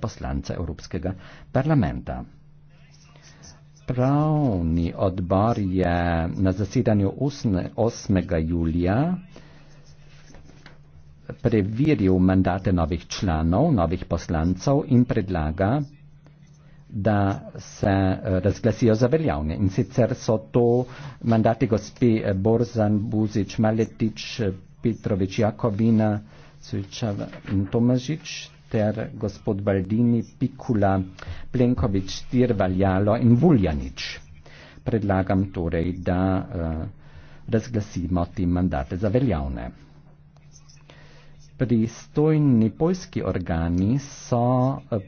poslanca Evropskega parlamenta. Pravni odbor je na zasedanju 8. julija preveril mandate novih članov, novih poslancev in predlaga, da se eh, razglasijo za veljavne. In sicer so to mandati gospe Borzan, Buzič, Maletič, Petrovič, Jakovina, Svičava in Tomažič, ter gospod Baldini, Pikula, Plenkovič, Tirvaljalo in Vuljanič. Predlagam torej, da uh, razglasimo te mandate za veljavne. Pristojni poljski organi so. Uh,